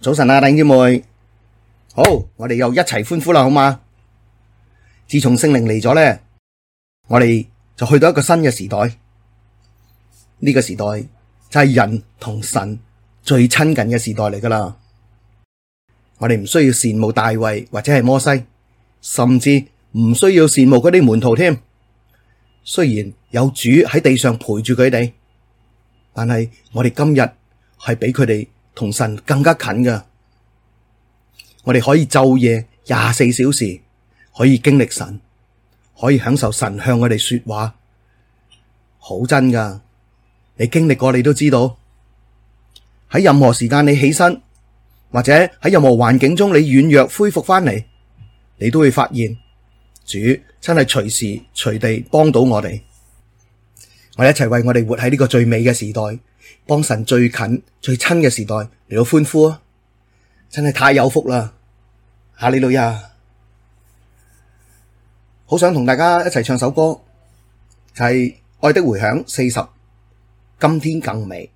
早晨啊，弟兄姊妹，好！我哋又一齊歡呼啦，好嘛？自從聖靈嚟咗咧，我哋就去到一個新嘅時代。呢個時代就係人同神最親近嘅時代嚟噶啦。我哋唔需要羨慕大衛或者係摩西，甚至唔需要羨慕嗰啲門徒添。雖然有主喺地上陪住佢哋，但係我哋今日係俾佢哋同神更加近噶，我哋可以晝夜廿四小時可以經歷神，可以享受神向我哋說話，好真噶！你經歷過，你都知道。喺任何時間你起身，或者喺任何環境中你軟弱恢復翻嚟，你都會發現主真係隨時隨地幫到我哋。我哋一齊為我哋活喺呢個最美嘅時代幫神最近最親嘅時代嚟，到歡呼，真係太有福啦！哈利路亞，好想同大家一齊唱首歌，就係《愛的迴響》四十，今天更美。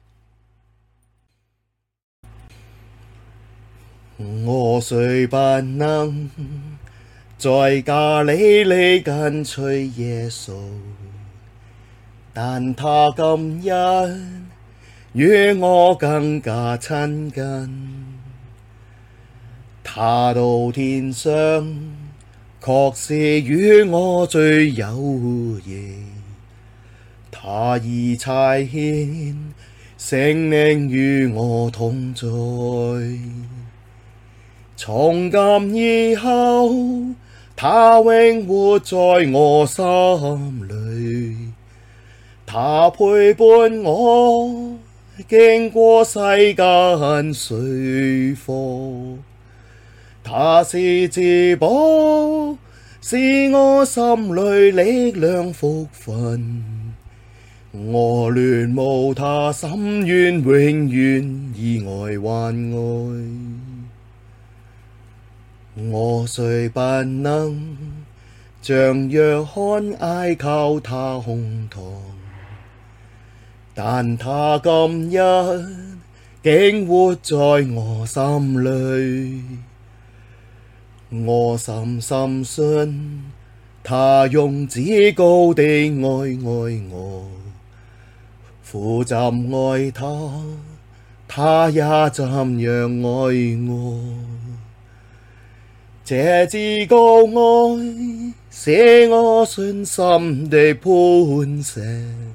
我雖不能在加利利跟隨耶穌，但他今日。與我更加親近他，他到天上，確是與我最有益。他已差遣聖靈與我同在。從今以後，他永活在我心裡，他陪伴我。經過世間水火，他是至寶，是我心裡力量福份。我戀慕他深願，永遠以愛還愛，我雖不能像約翰挨靠他胸膛。但他今日竟活在我心裡，我深深信他用至高的愛愛我，父怎愛他，他也怎樣愛我，這至高愛是我信心的磐石。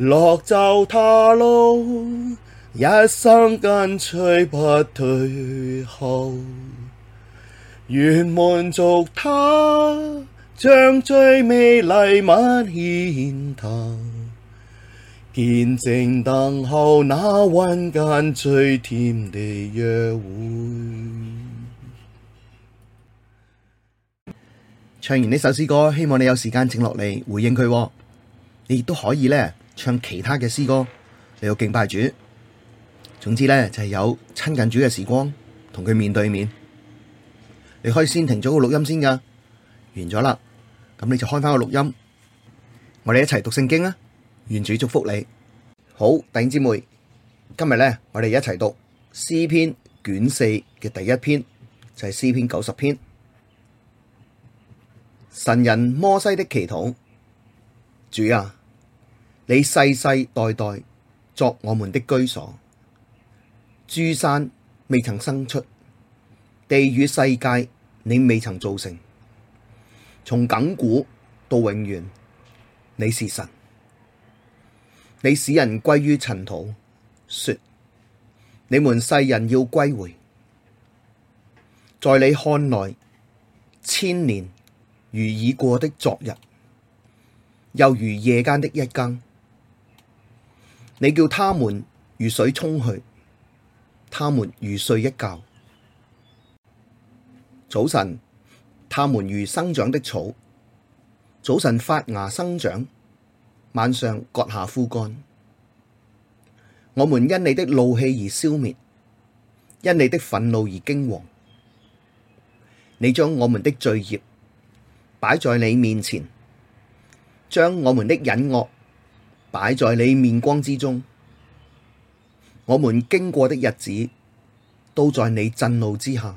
樂走他路，一生跟隨不退後。願滿足他，將最美禮物獻他。堅貞等候那雲間最甜的約會。唱完呢首詩歌，希望你有時間請落嚟回應佢喎。你亦都可以呢。唱其他嘅詩歌，你要敬拜主，總之咧就係有親近主嘅時光，同佢面對面。你可以先停咗個錄音先噶，完咗啦，咁你就開翻個錄音，我哋一齊讀聖經啦。願主祝福你。好，弟兄姊妹，今日咧我哋一齊讀詩篇卷四嘅第一篇，就係詩篇九十篇，神人摩西的祈禱，主啊。你世世代代作我們的居所，諸山未曾生出，地與世界你未曾造成，從亙古到永遠，你是神。你使人歸於塵土，說你們世人要歸回，在你看來，千年如已過的昨日，又如夜間的一更。你叫他們如水沖去，他們如睡一覺。早晨，他們如生長的草，早晨發芽生長，晚上割下枯乾。我們因你的怒氣而消滅，因你的憤怒而驚惶。你將我們的罪孽擺在你面前，將我們的隱惡。擺在你面光之中，我們經過的日子都在你震怒之下，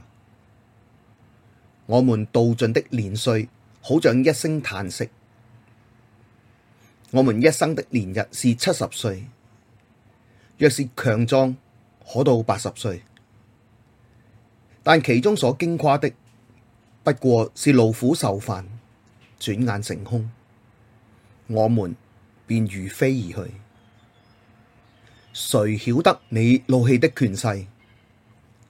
我們度盡的年歲好像一聲嘆息，我們一生的年日是七十歲，若是強壯可到八十歲，但其中所矜誇的不過是勞苦愁煩，轉眼成空，我們。便如飛而去。誰曉得你怒氣的權勢？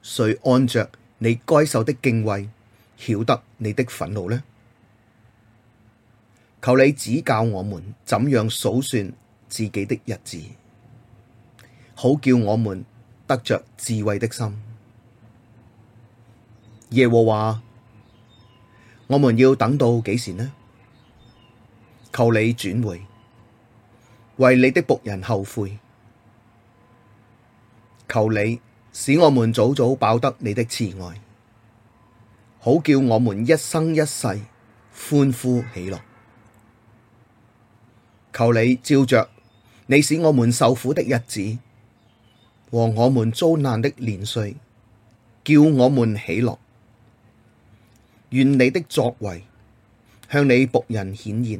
誰按着你該受的敬畏，曉得你的憤怒呢？求你指教我們怎樣數算自己的日子，好叫我們得着智慧的心。耶和華，我們要等到幾時呢？求你轉回。為你的僕人後悔，求你使我們早早飽得你的慈愛，好叫我們一生一世歡呼喜樂。求你照着你使我們受苦的日子，和我們遭難的年歲，叫我們喜樂。願你的作為向你僕人顯現，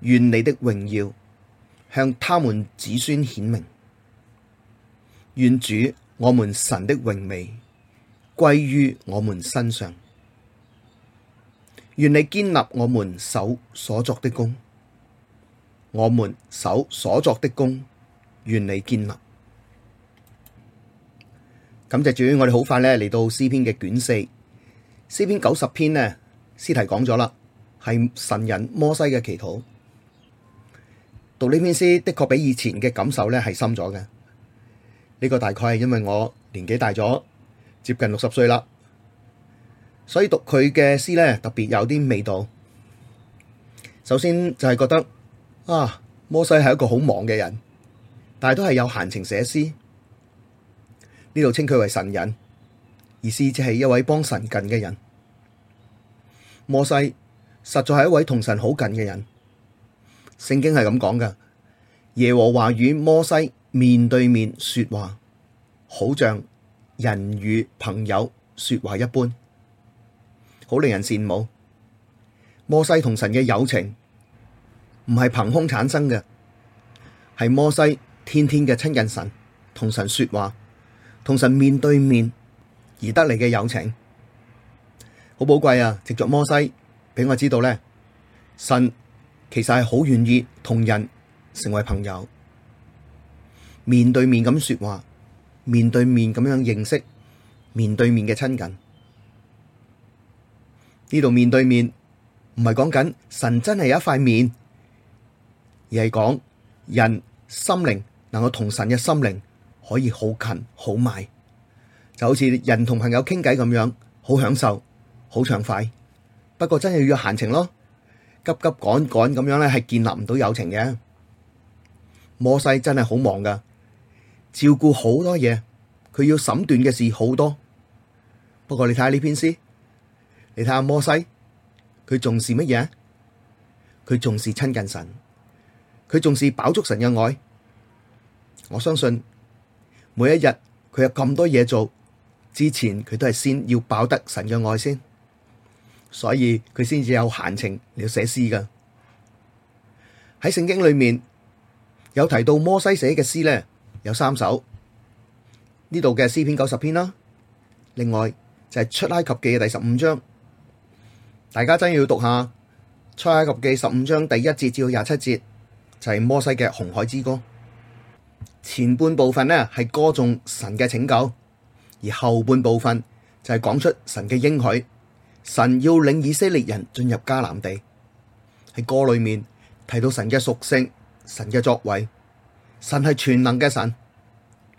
願你的榮耀。向他們子孫顯明，願主我們神的榮美歸於我們身上，願你堅立我們手所作的工。我們手所作的工，願你堅立。咁就主我哋好快咧嚟到詩篇嘅卷四，詩篇九十篇呢，詩題講咗啦，係神人摩西嘅祈禱。讀呢篇詩的確比以前嘅感受咧係深咗嘅，呢、這個大概係因為我年紀大咗，接近六十歲啦，所以讀佢嘅詩咧特別有啲味道。首先就係覺得啊，摩西係一個好忙嘅人，但係都係有閒情寫詩。呢度稱佢為神人，而似即係一位幫神近嘅人。摩西實在係一位同神好近嘅人。聖經係咁講嘅，耶和華與摩西面對面說話，好像人與朋友說話一般，好令人羨慕。摩西同神嘅友情唔係憑空產生嘅，係摩西天天嘅親近神，同神說話，同神面對面而得嚟嘅友情，好寶貴啊！藉着摩西俾我知道咧，神。其實係好願意同人成為朋友，面對面咁說話，面對面咁樣認識，面對面嘅親近。呢度面對面唔係講緊神真係有一塊面，而係講人心靈能夠同神嘅心靈可以好近好埋，就好似人同朋友傾偈咁樣，好享受，好暢快。不過真係要有閒情咯。急急趕趕咁樣咧，係建立唔到友情嘅。摩西真係好忙噶照顧好多嘢，佢要審斷嘅事好多。不過你睇下呢篇詩，你睇下摩西，佢重視乜嘢？佢重視親近神，佢重視飽足神嘅愛。我相信每一日佢有咁多嘢做，之前佢都係先要飽得神嘅愛先。所以佢先至有閒情嚟寫詩噶。喺聖經裏面有提到摩西寫嘅詩呢，有三首。呢度嘅詩篇九十篇啦，另外就係出埃及記嘅第十五章，大家真要讀下出埃及記十五章第一節至到廿七節，就係摩西嘅紅海之歌。前半部分呢，係歌頌神嘅拯救，而後半部分就係講出神嘅應許。神要領以色列人進入迦南地，喺歌裏面提到神嘅屬性、神嘅作為，神係全能嘅神，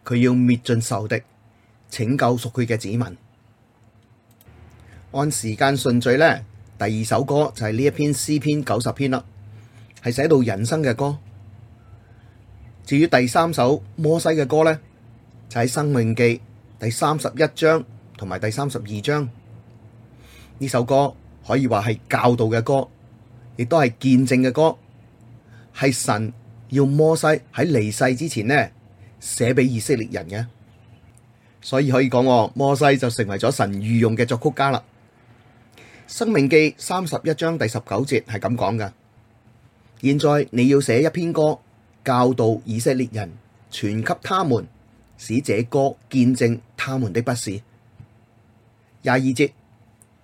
佢要滅盡仇敵，拯救屬佢嘅子民。按時間順序呢，第二首歌就係呢一篇詩篇九十篇啦，係寫到人生嘅歌。至於第三首摩西嘅歌呢，就喺《申命記》第三十一章同埋第三十二章。呢首歌可以話係教導嘅歌，亦都係見證嘅歌，係神要摩西喺離世之前呢寫俾以色列人嘅，所以可以講，摩西就成為咗神御用嘅作曲家啦。《申命記》三十一章第十九節係咁講㗎：現在你要寫一篇歌教導以色列人，傳給他們，使這歌見證他們的不是。廿二,二節。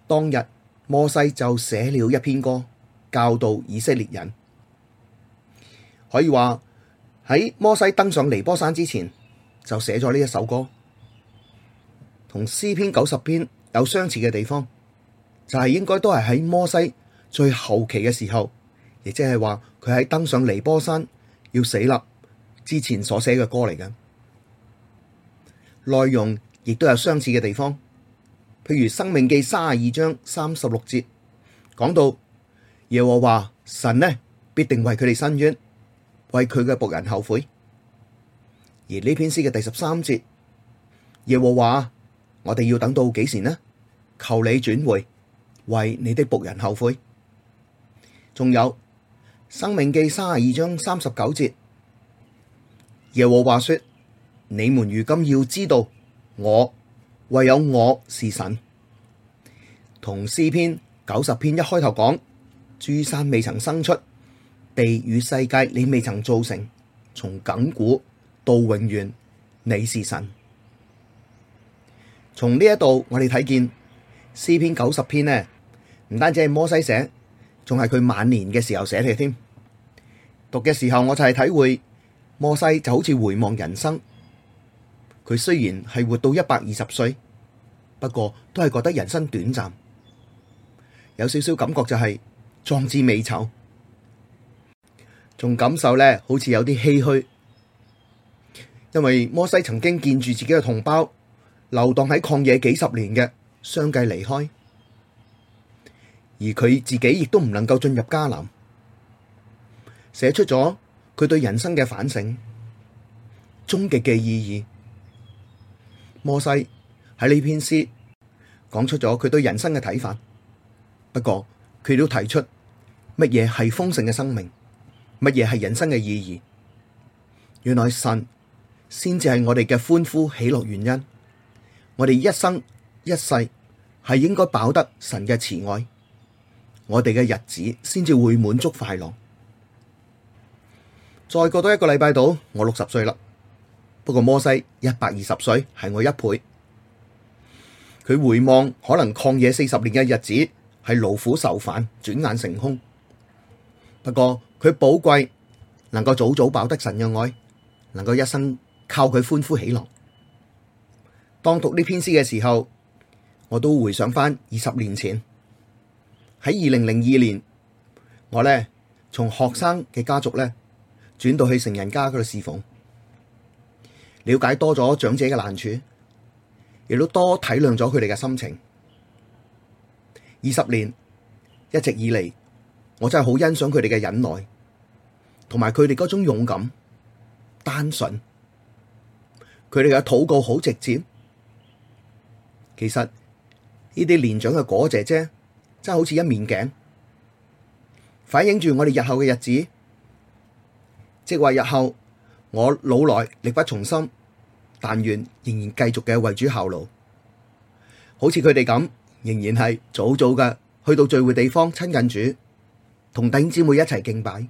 當日摩西就寫了一篇歌教導以色列人，可以話喺摩西登上尼波山之前就寫咗呢一首歌，同詩篇九十篇有相似嘅地方，就係應該都係喺摩西最後期嘅時候，亦即係話佢喺登上尼波山要死啦之前所寫嘅歌嚟嘅，內容亦都有相似嘅地方。譬如《生命記》三十二章三十六節講到耶和華神呢，必定為佢哋伸冤，為佢嘅僕人後悔。而呢篇詩嘅第十三節，耶和華我哋要等到幾時呢？求你轉回，為你的僕人後悔。仲有《生命記》三十二章三十九節，耶和華說：你們如今要知道我。唯有我是神。同詩篇九十篇一開頭講：諸山未曾生出，地與世界你未曾造成，從亙古到永遠，你是神。從呢一度我哋睇見詩篇九十篇呢，唔單止係摩西寫，仲係佢晚年嘅時候寫嘅添。讀嘅時候我就係體會，摩西就好似回望人生，佢雖然係活到一百二十歲。不過都係覺得人生短暫，有少少感覺就係壯志未酬，仲感受呢好似有啲唏噓，因為摩西曾經見住自己嘅同胞流蕩喺曠野幾十年嘅相繼離開，而佢自己亦都唔能夠進入迦南，寫出咗佢對人生嘅反省，終極嘅意義，摩西。喺呢篇詩講出咗佢對人生嘅睇法，不過佢都提出乜嘢係豐盛嘅生命，乜嘢係人生嘅意義。原來神先至係我哋嘅歡呼喜樂原因，我哋一生一世係應該飽得神嘅慈愛，我哋嘅日子先至會滿足快樂。再過多一個禮拜度，我六十歲啦。不過摩西一百二十歲係我一倍。佢回望可能曠野四十年嘅日子，係勞苦愁煩，轉眼成空。不過佢寶貴，能夠早早飽得神嘅愛，能夠一生靠佢歡呼喜樂。當讀呢篇詩嘅時候，我都回想翻二十年前，喺二零零二年，我呢，從學生嘅家族呢，轉到去成人家嗰度侍奉，了解多咗長者嘅難處。亦都多體諒咗佢哋嘅心情。二十年一直以嚟，我真係好欣賞佢哋嘅忍耐，同埋佢哋嗰種勇敢、單純。佢哋嘅禱告好直接。其實呢啲年長嘅果姐姐，真係好似一面鏡，反映住我哋日後嘅日子。即係話日後我老來力不從心。但願仍然繼續嘅為主效勞，好似佢哋咁，仍然係早早嘅去到聚會地方親近主，同弟兄姊妹一齊敬拜，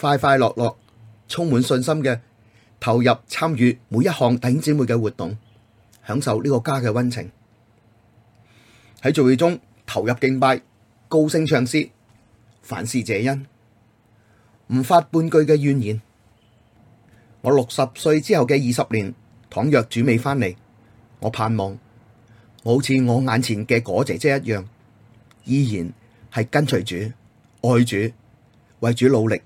快快樂樂，充滿信心嘅投入參與每一項弟兄姊妹嘅活動，享受呢個家嘅溫情。喺聚會中投入敬拜，高聲唱詩，凡事謝恩，唔發半句嘅怨言。我六十歲之後嘅二十年，倘若主未翻嚟，我盼望我好似我眼前嘅果姐姐一樣，依然係跟隨主、愛主、為主努力。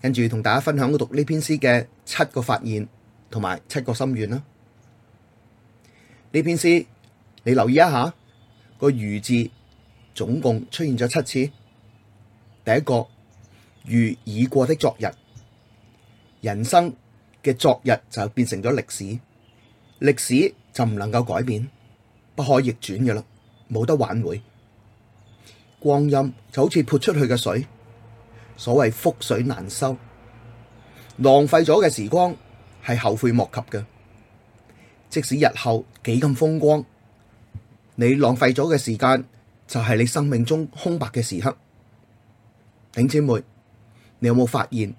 跟住同大家分享我讀呢篇詩嘅七個發現同埋七個心願啦。呢篇詩你留意一下，個如字總共出現咗七次。第一個如已過的昨日。人生嘅昨日就變成咗歷史，歷史就唔能夠改變，不可逆轉嘅啦，冇得挽回。光陰就好似潑出去嘅水，所謂覆水難收。浪費咗嘅時光係後悔莫及嘅，即使日後幾咁風光，你浪費咗嘅時間就係你生命中空白嘅時刻。頂姐妹，你有冇發現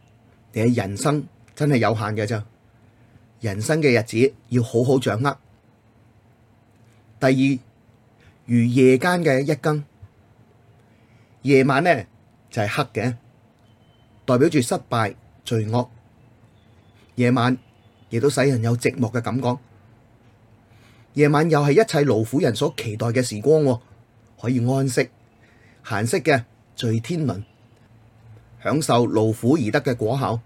你嘅人生？真係有限嘅咋，人生嘅日子要好好掌握。第二，如夜間嘅一更，夜晚呢就係黑嘅，代表住失敗、罪惡。夜晚亦都使人有寂寞嘅感覺。夜晚又係一切勞苦人所期待嘅時光，可以安息、閑息嘅聚天倫，享受勞苦而得嘅果效。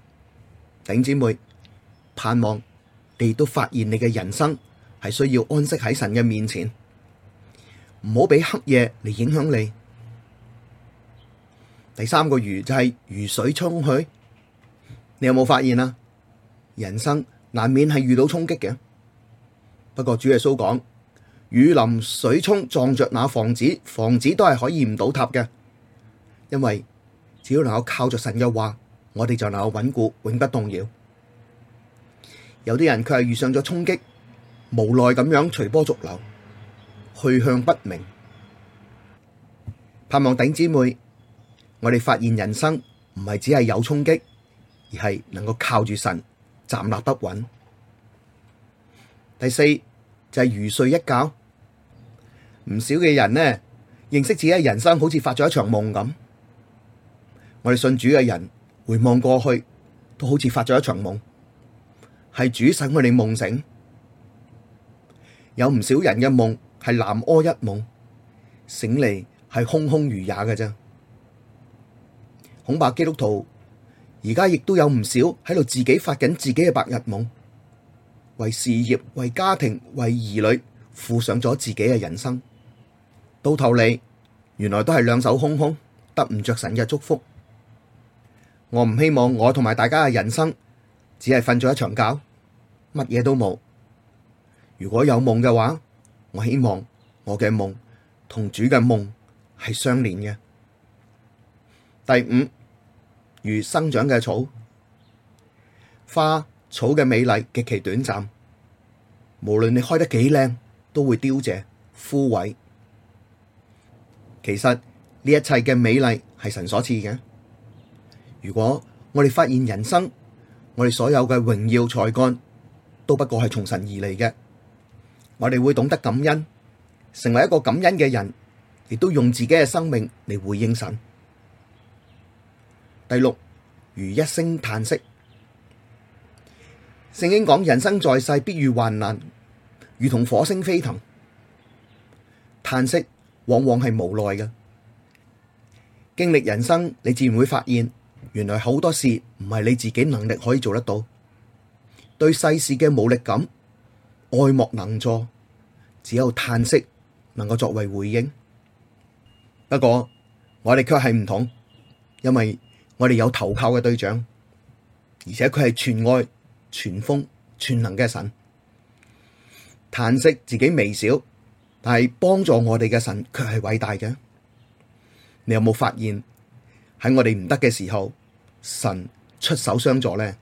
兄姊妹，盼望你都發現你嘅人生係需要安息喺神嘅面前，唔好俾黑夜嚟影響你。第三個如就係如水沖去，你有冇發現啊？人生難免係遇到衝擊嘅，不過主耶穌講，雨淋水沖撞着那房子，房子都係可以唔倒塌嘅，因為只要能夠靠著神嘅話。我哋就能夠穩固，永不動搖。有啲人佢係遇上咗衝擊，無奈咁樣隨波逐流，去向不明。盼望頂姊妹，我哋發現人生唔係只係有衝擊，而係能夠靠住神站立得穩。第四就係如睡一覺，唔少嘅人呢，認識自己嘅人生好似發咗一場夢咁。我哋信主嘅人。回望過去，都好似發咗一場夢，係主使我哋夢醒。有唔少人嘅夢係南柯一夢，醒嚟係空空如也嘅啫。恐怕基督徒而家亦都有唔少喺度自己發緊自己嘅白日夢，為事業、為家庭、為兒女，付上咗自己嘅人生。到頭嚟，原來都係兩手空空，得唔着神嘅祝福。我唔希望我同埋大家嘅人生只係瞓咗一場覺，乜嘢都冇。如果有夢嘅話，我希望我嘅夢同主嘅夢係相連嘅。第五，如生長嘅草，花草嘅美麗極其短暫，無論你開得幾靚，都會凋謝、枯萎。其實，呢一切嘅美麗係神所賜嘅。如果我哋發現人生，我哋所有嘅榮耀才幹都不過係從神而嚟嘅，我哋會懂得感恩，成為一個感恩嘅人，亦都用自己嘅生命嚟回應神。第六，如一聲嘆息。聖經講：人生在世，必遇患難，如同火星飛騰。嘆息往往係無奈嘅。經歷人生，你自然會發現。原來好多事唔係你自己能力可以做得到，對世事嘅無力感，愛莫能助，只有嘆息能夠作為回應。不過我哋卻係唔同，因為我哋有投靠嘅對象，而且佢係全愛、全豐、全能嘅神。嘆息自己微小，但係幫助我哋嘅神卻係偉大嘅。你有冇發現喺我哋唔得嘅時候？神出手相助呢，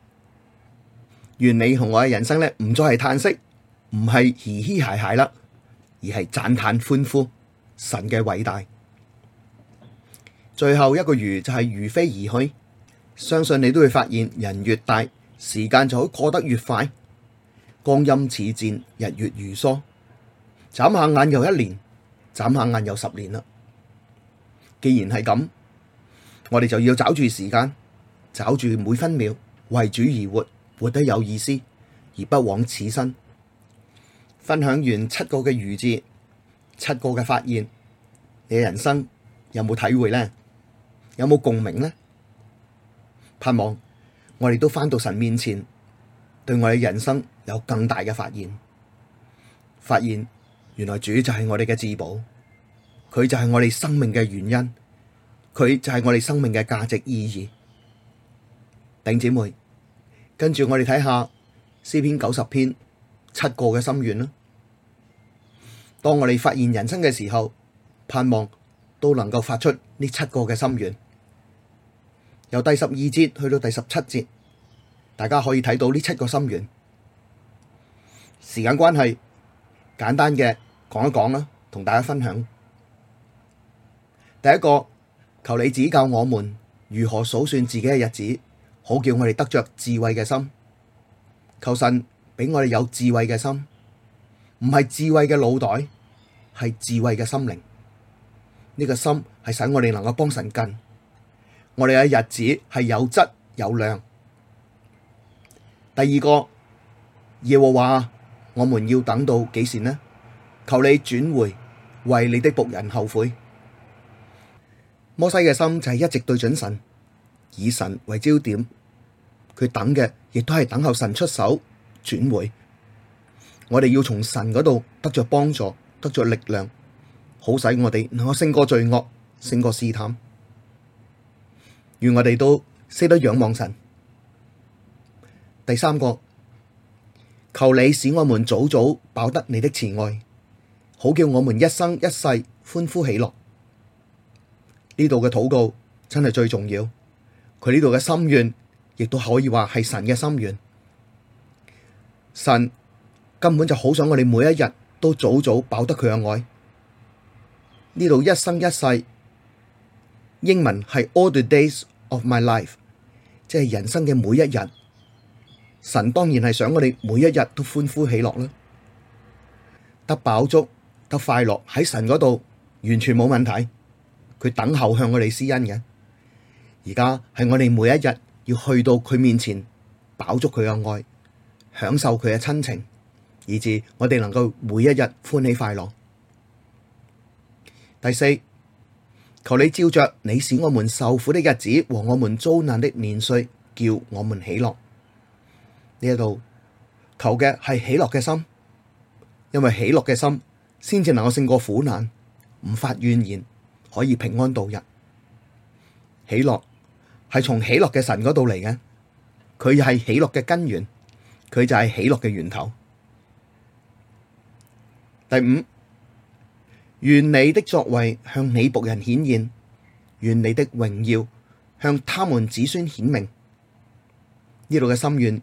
願你同我嘅人生呢，唔再係嘆息，唔係嘻嘻孩孩啦，而係讚嘆歡呼神嘅偉大。最後一個如就係如飛而去，相信你都會發現，人越大，時間就會過得越快。光陰似箭，日月如梭，眨下眼又一年，眨下眼又十年啦。既然係咁，我哋就要找住時間。找住每分秒為主而活，活得有意思而不枉此生。分享完七個嘅語節，七個嘅發現，你嘅人生有冇體會呢？有冇共鳴呢？盼望我哋都翻到神面前，對我哋人生有更大嘅發現。發現原來主就係我哋嘅至寶，佢就係我哋生命嘅原因，佢就係我哋生命嘅價值意義。領姐妹，跟住我哋睇下詩篇九十篇七個嘅心願啦。當我哋發現人生嘅時候，盼望都能夠發出呢七個嘅心願。由第十二節去到第十七節，大家可以睇到呢七個心願。時間關係，簡單嘅講一講啦，同大家分享。第一個，求你指教我們如何數算自己嘅日子。好叫我哋得着智慧嘅心，求神俾我哋有智慧嘅心，唔係智慧嘅腦袋，係智慧嘅心靈。呢、這個心係使我哋能夠幫神近，我哋嘅日子係有質有量。第二個，耶和華，我們要等到幾時呢？求你轉回，為你的僕人後悔。摩西嘅心就係一直對準神，以神為焦點。佢等嘅亦都係等候神出手轉回，我哋要從神嗰度得着幫助，得着力量，好使我哋可勝過罪惡，勝過試探。願我哋都識得仰望神。第三個，求你使我們早早飽得你的慈愛，好叫我們一生一世歡呼喜樂。呢度嘅禱告真係最重要，佢呢度嘅心願。亦都可以話係神嘅心願，神根本就好想我哋每一日都早早飽得佢嘅愛。呢度一生一世，英文係 all the days of my life，即係人生嘅每一日，神當然係想我哋每一日都歡呼喜樂啦，得飽足，得快樂，喺神嗰度完全冇問題，佢等候向我哋施恩嘅。而家係我哋每一日，要去到佢面前，飽足佢嘅愛，享受佢嘅親情，以至我哋能夠每一日歡喜快樂。第四，求你照着你使我們受苦的日子和我們遭難的年歲，叫我們喜樂。呢一度求嘅係喜樂嘅心，因為喜樂嘅心先至能夠勝過苦難，唔發怨言，可以平安度日。喜樂係從喜樂嘅神嗰度嚟嘅，佢係喜樂嘅根源，佢就係喜樂嘅源頭。第五，願你的作為向你僕人顯現，願你的榮耀向他們子孫顯明。呢度嘅心願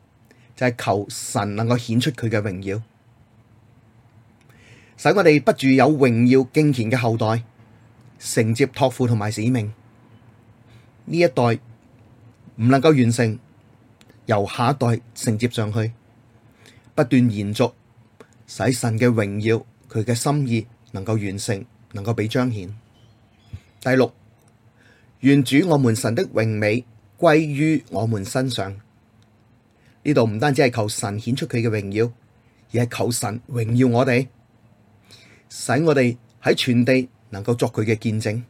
就係求神能夠顯出佢嘅榮耀，使我哋不住有榮耀敬虔嘅後代，承接託付同埋使命，呢一代。唔能夠完成，由下一代承接上去，不斷延續，使神嘅榮耀，佢嘅心意能夠完成，能夠被彰顯。第六，願主我們神的榮美歸於我們身上。呢度唔單止係求神顯出佢嘅榮耀，而係求神榮耀我哋，使我哋喺全地能夠作佢嘅見證，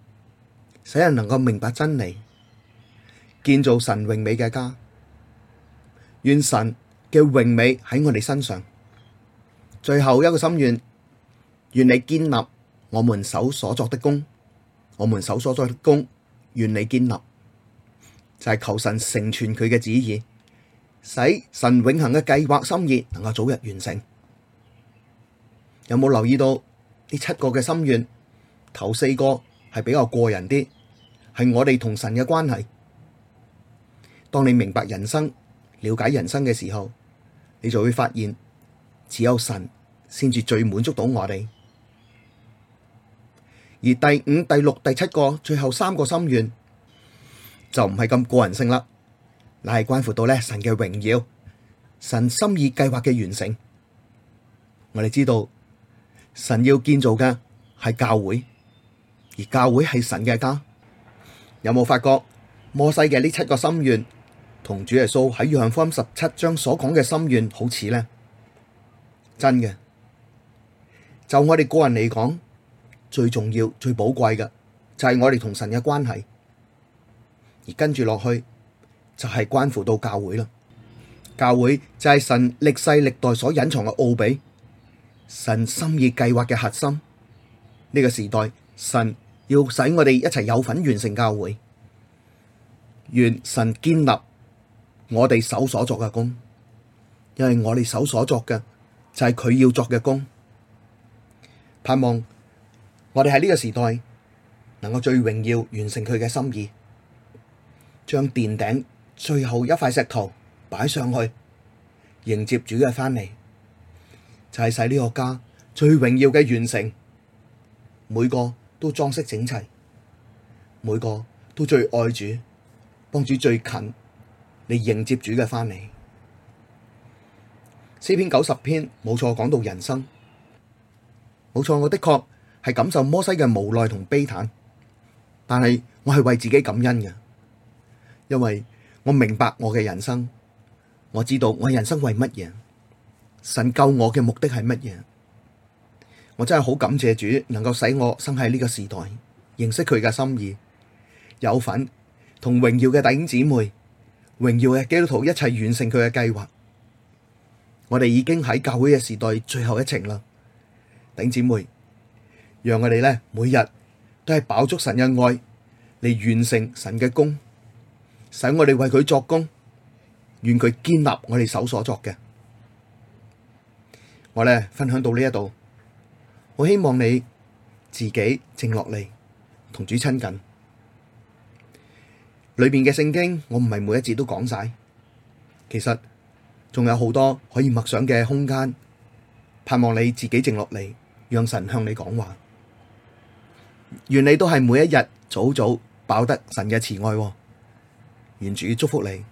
使人能夠明白真理。建造神榮美嘅家，願神嘅榮美喺我哋身上。最後一個心願，願你建立我們手所作的工，我們手所作的工，願你建立，就係、是、求神成全佢嘅旨意，使神永恒嘅計劃、心意能夠早日完成。有冇留意到呢七個嘅心願？頭四個係比較過人啲，係我哋同神嘅關係。當你明白人生，了解人生嘅時候，你就會發現只有神先至最滿足到我哋。而第五、第六、第七個最後三個心願就唔係咁個人性啦，乃係關乎到咧神嘅榮耀、神心意計劃嘅完成。我哋知道神要建造嘅係教會，而教會係神嘅家。有冇發覺摩西嘅呢七個心願？同主耶穌喺約翰福音十七章所講嘅心願好似呢，真嘅。就我哋個人嚟講，最重要、最寶貴嘅就係我哋同神嘅關係，而跟住落去就係關乎到教會啦。教會就係神歷世歷代所隱藏嘅奧秘，神心意計劃嘅核心。呢個時代，神要使我哋一齊有份完成教會，願神建立。我哋手所作嘅工，因為我哋手所作嘅就係佢要作嘅工。盼望我哋喺呢個時代能夠最榮耀完成佢嘅心意，將殿頂最後一塊石頭擺上去，迎接主嘅翻嚟，就係使呢個家最榮耀嘅完成。每個都裝飾整齊，每個都最愛主，幫主最近。嚟迎接主嘅翻嚟，詩篇九十篇冇錯講到人生，冇錯我的確係感受摩西嘅無奈同悲嘆，但係我係為自己感恩嘅，因為我明白我嘅人生，我知道我人生為乜嘢，神救我嘅目的係乜嘢，我真係好感謝主能夠使我生喺呢個時代，認識佢嘅心意，有份同榮耀嘅弟兄姊妹。榮耀嘅基督徒一齊完成佢嘅計劃，我哋已經喺教會嘅時代最後一程啦，頂姊妹，讓我哋咧每日都係飽足神嘅愛，嚟完成神嘅工，使我哋為佢作工，願佢建立我哋手所作嘅，我咧分享到呢一度，我希望你自己靜落嚟同主親近。裏面嘅聖經，我唔係每一節都講晒，其實仲有好多可以默想嘅空間，盼望你自己靜落嚟，讓神向你講話，願你都係每一日早早飽得神嘅慈愛，願主祝福你。